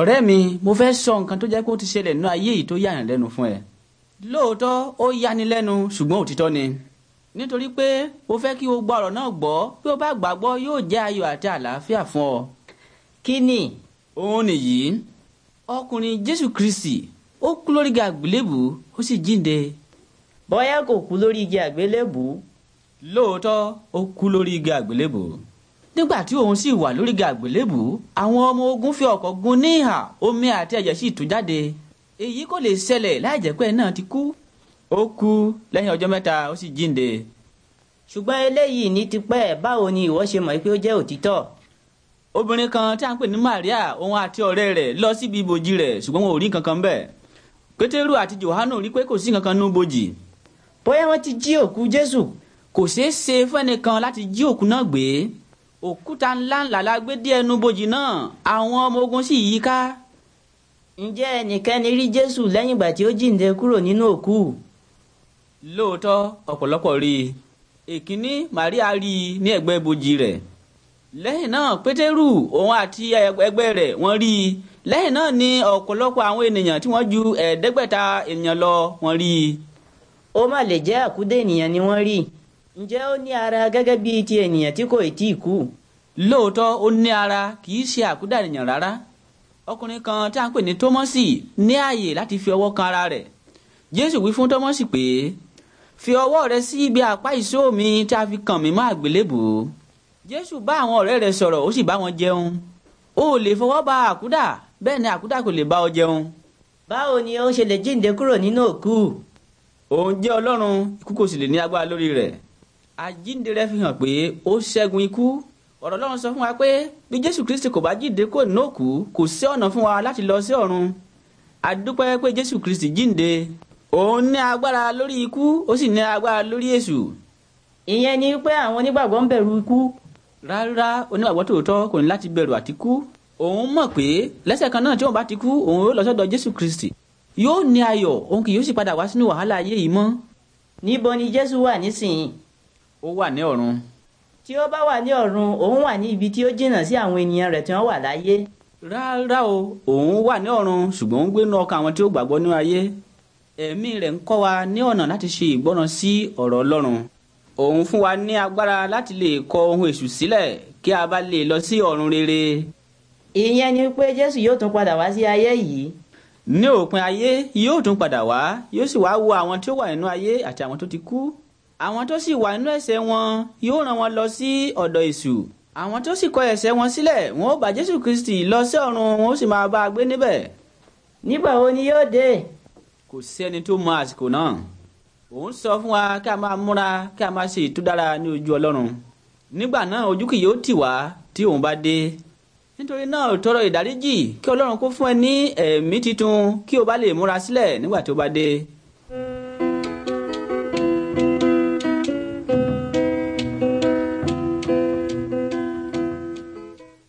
ọ̀rẹ́ mi mo fẹ́ sọ nǹkan tó jẹ́ kó ti ṣẹlẹ̀ nínú ayé yìí tó yàyàn lẹ́nu fún ẹ lóòótọ́ ó yani lẹ́nu ṣùgbọ́n òtítọ́ ni nítorí pé mo fẹ́ kí o gba ọ̀rọ̀ náà gbọ́ bí o bá gbàgbọ́ yóò jẹ́ ayọ̀ àti àlàáfíà fún ọ. kí ni. òun nìyí ọkùnrin jésù kristi ó kú lórí igi àgbélébù ó sì jíǹde. bóyá kò kú lórí igi àgbélébù. lóòótọ́ ó kú lórí àgbélébù nígbà tí òun sì wà lórí gàgbélébù àwọn ọmọ ogun fi ọ̀kọ̀ gun níhà omi àti ẹ̀jẹ̀ sì tú jáde èyí kò lè ṣẹlẹ̀ láì jẹ́ pé ẹ̀ náà ti kú ó kú lẹ́yìn ọjọ́ mẹ́ta ó sì jíǹde. ṣùgbọ́n eléyìí ní tipẹ́ báwo ni ìwọ ṣe mọ̀ pé ó jẹ́ òtítọ́. obìnrin kan tí a ń pè ní Maria òun àti ọ̀rẹ́ rẹ̀ lọ síbi ibojì rẹ̀ ṣùgbọ́n wọn ò rí kankan bẹ́ẹ̀ Pétérù àti Johanu rí pé kò sí kankan nú bojì. bóyá wọ́n ti jí òkú Jésù. kò ṣeé ṣe fẹ́nìkan láti jí òkú náà gbé òkúta ńláńlá la gbé dé ẹnu bòjì náà àwọn ọmọ ogun sì yí ká. ǹjẹ́ ẹnìkẹ́ni rí jésù lẹ́yìn ìgbà tí ó jíǹde kúrò nínú òkú? lóòótọ́ ọ̀pọ̀lọpọ̀ rí i èkíní maria rí i ní ẹ̀gbẹ́ bòjì rẹ̀ lẹ́yìn náà pétérù òun àti ẹgbẹ́ rẹ̀ wọ́n rí i lẹ́yìn náà ni ọ̀pọ̀lọpọ̀ àwọn ènìyàn tí wọ́n ju ẹ̀ẹ́dẹ́gbẹ̀ta ènìyàn lọ wọ́n rí i. ó mà lè jẹ́ àkúdé ènìyàn ni wọ́n rí i ǹjẹ́ ó ní ara gẹ́gẹ́ bí ti ènìyàn tí kò tí ì kú. lóòótọ́ ó ní ara kì í ṣe àkúdànìyàn rárá ọkùnrin kan tí a ń pè ní tómọ́sì ní ààyè láti fi ọwọ́ kan ara rẹ̀ jésù wí fún tómọ́sì pé fi ọwọ́ rẹ sí ibi àpá ìṣó mi tí a fi kàn mí mọ́ àgbélébùú jésù bá àwọn ọ̀rẹ́ rẹ̀ sọ̀rọ̀ ó sì bá wọn jẹun o ò lè fọwọ́ ba àkúdà bẹ́ẹ̀ ni àkúdà kò lè bá ọ jẹun. báwo ni ó ṣe lè jíǹde kúrò nínú òkú. òun jẹ́ ọlọ́run ikú kò sì lè ní agbára lórí rẹ̀ àjíǹde rẹ̀ fi hàn pé ó ṣẹ́gun ikú ọ̀rọ̀ Ọlọ́run sọ fún wa pé bí Jésù Kristi kò bá jíǹde kò ní òkú kò sí ọ̀nà fún wa láti lọ sí ọ̀run a dúpẹ́ pé Jésù Kristi jíǹde òun ní agbára lórí ikú ó sì ní agbára lórí èṣù. ìyẹn ni pé àwọn onígbàgbọ́ ń bẹ̀rù ikú. rárá onígbàgbọ́ tòótọ́ kò ní láti bẹ̀rù àtikú òun mọ̀ pé lẹ́sẹ̀ kan náà tí òun bá ti kú òun yóò lọ sọ́dọ̀ Jésù Kristi yóò ní ayọ̀ òun kì yóò sì padà wá sínú wàhálà ayé yìí mọ́. níbo ni Jésù wà nísìnyí ó wà ní ọ̀run. tí ó bá wà ní ọ̀run òun wà ní ibi tí ó jìnnà sí àwọn ènìyàn rẹ̀ tí wọ́n wà láyé. rárá o òun wà ní ọ̀run ṣùgbọ́n ó ń gbénu ọkàn àwọn tí ó gbàgbọ́ ní ayé ẹ̀mí rẹ̀ ń kọ́ wa ní ọ̀nà láti ṣe ìgbọ́ràn sí ọ̀rọ̀ Ọlọ́run òun fún wa ní agbára láti lè kọ ohun èṣù sílẹ̀ kí a bá lè lọ sí ọ̀run rere. ìyẹn ni pé Jésù yóò tún padà wá sí ayé yìí ní òpin ayé yóò tún padà wá yóò sì wá wo àwọn tí ó wà nínú ayé àti àwọn tó ti kú àwọn tó sì wà nínú ẹ̀ṣẹ̀ wọn yóò rán wọn lọ sí ọ̀dọ̀ èṣù àwọn tó sì kọ ẹ̀ṣẹ̀ wọn sílẹ̀ wọn ó bá jésù kristi lọ sí ọ̀run wọn ó sì máa bá a gbé níbẹ̀. nígbà wo ni yóò dé. kò sẹ́ni tó mọ àsìkò náà òun sọ fún wa kí a máa múra kí a máa ṣe ìtúdára ní ojú ọlọ́run nígbà náà ojú kì yóò tì wá tí òun bá dé nítorí náà tọrọ ìdáríjì kí ọlọ́run kó fún ẹ ní ẹ̀mí titun kí o bá lè múra sílẹ̀ nígbà tó bá dé.